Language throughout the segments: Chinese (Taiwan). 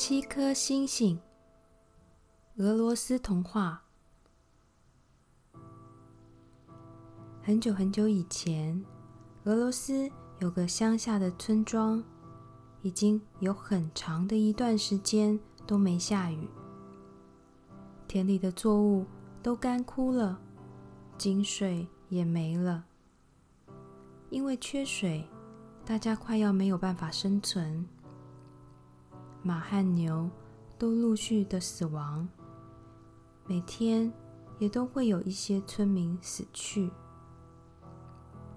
七顆星星。俄羅斯童話。很久很久以前，俄羅斯有個鄉下的村莊，已經有很長的一段時間都沒下雨，田裡的作物都乾枯了，井水也沒了。因為缺水，大家快要沒有辦法生存。馬和牛都陸續的死亡，每天也都會有一些村民死去。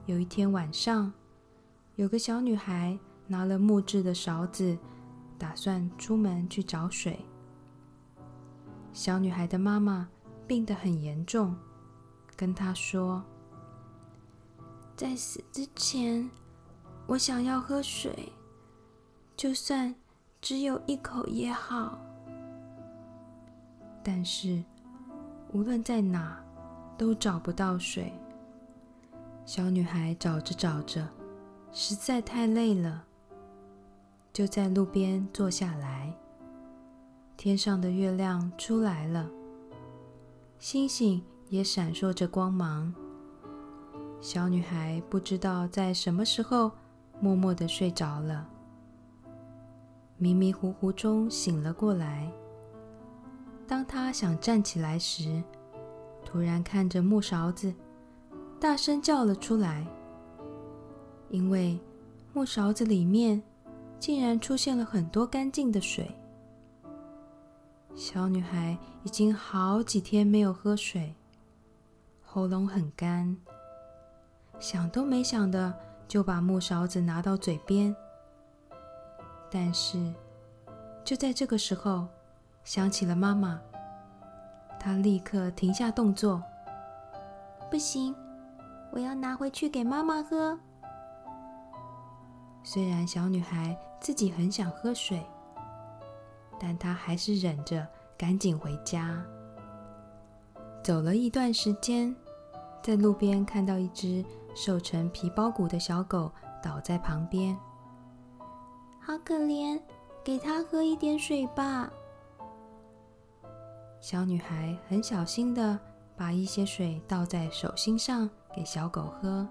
有一天晚上，有個小女孩拿了木製的勺子，打算出門去找水。小女孩的媽媽病得很嚴重，跟她說：“在死之前，我想要喝水，就算。”只有一口也好，但是無論在哪都找不到水。小女孩找着找着，實在太累了，就在路邊坐下來。天上的月亮出來了，星星也閃爍着光芒。小女孩不知道在什麼時候，默默地睡着了。迷迷糊糊中醒了過來。當她想站起來時，突然看着木勺子，大聲叫了出來。因為木勺子裡面竟然出現了很多乾淨的水。小女孩已經好幾天沒有喝水，喉嚨很乾，想都沒想的就把木勺子拿到嘴邊。但是，就在這個時候，想起了媽媽，她立刻停下動作。不行，我要拿回去給媽媽喝。雖然小女孩自己很想喝水，但她還是忍着，趕緊回家。走了一段時間，在路邊看到一隻瘦成皮包骨的小狗倒在旁邊。好可憐，給它喝一點水吧。小女孩很小心地把一些水倒在手心上，給小狗喝。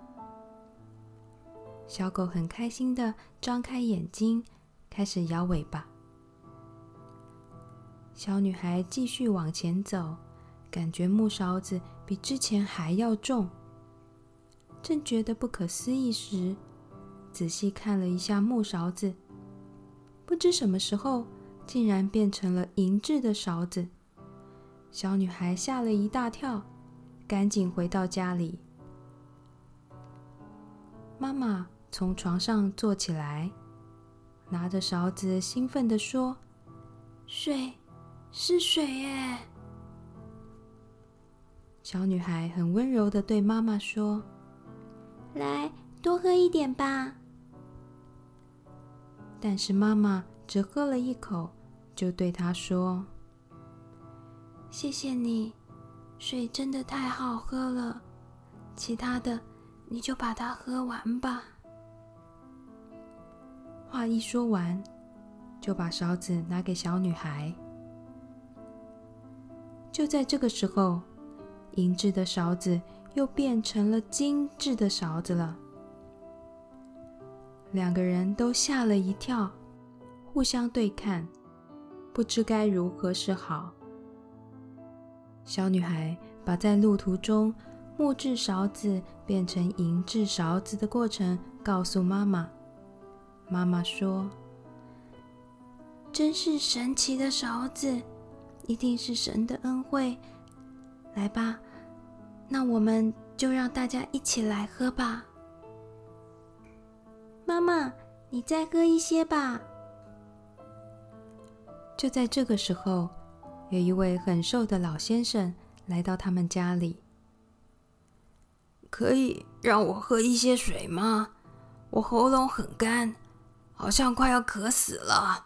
小狗很開心地張開眼睛，開始搖尾巴。小女孩繼續往前走，感覺木勺子比之前還要重。正覺得不可思議時，仔細看了一下木勺子。不知什麼時候，竟然變成了銀質的勺子。小女孩嚇了一大跳，趕緊回到家裡。媽媽從床上坐起來，拿着勺子興奮地說：“水，是水耶！”小女孩很溫柔地對媽媽說：“來，多喝一點吧。”但是媽媽只喝了一口，就對她說：“謝謝你，水真的太好喝了。其他的，你就把它喝完吧。”話一說完，就把勺子拿給小女孩。就在這個時候，銀質的勺子又變成了金質的勺子了。兩個人都嚇了一跳，互相對看，不知該如何是好。小女孩把在路途中木制勺子變成銀制勺子的過程告訴媽媽。媽媽說：“真是神奇的勺子，一定是神的恩惠。來吧，那我們就讓大家一起來喝吧。”媽媽，你再喝一些吧。就在這個時候，有一位很瘦的老先生來到他們家裡。可以讓我喝一些水嗎？我喉嚨很乾，好像快要渴死了。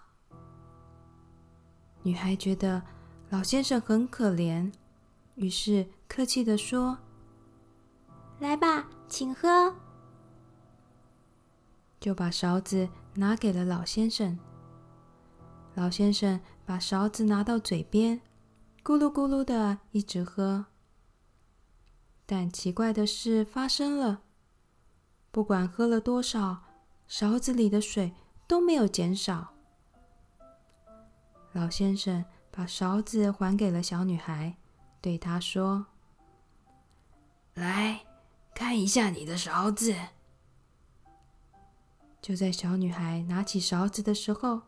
女孩覺得老先生很可憐，於是客氣地說：“來吧，請喝。”就把勺子拿給了老先生。老先生把勺子拿到嘴邊，咕嚕咕嚕地一直喝。但奇怪的事發生了，不管喝了多少，勺子裡的水都沒有減少。老先生把勺子還給了小女孩，對她說：“來，看一下你的勺子。”就在小女孩拿起勺子的時候，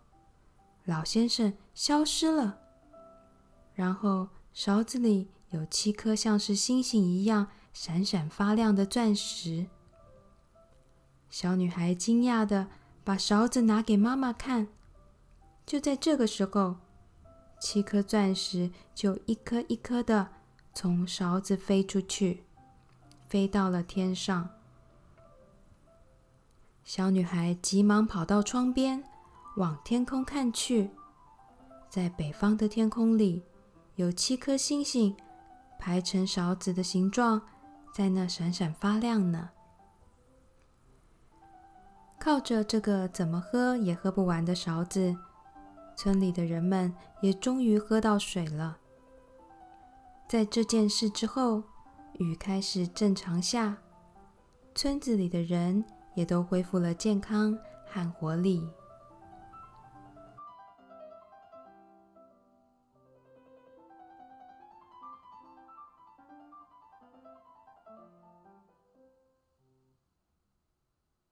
老先生消失了。然後勺子裡有七顆像是星星一樣閃閃發亮的鑽石。小女孩驚訝地把勺子拿給媽媽看。就在這個時候，七顆鑽石就一顆一顆地從勺子飛出去，飛到了天上。小女孩急忙跑到窗邊，往天空看去。在北方的天空裡，有七顆星星排成勺子的形狀，在那閃閃發亮呢。靠着這個怎麼喝也喝不完的勺子，村裡的人們也終於喝到水了。在這件事之後，雨開始正常下，村子裡的人。也都恢復了健康和活力。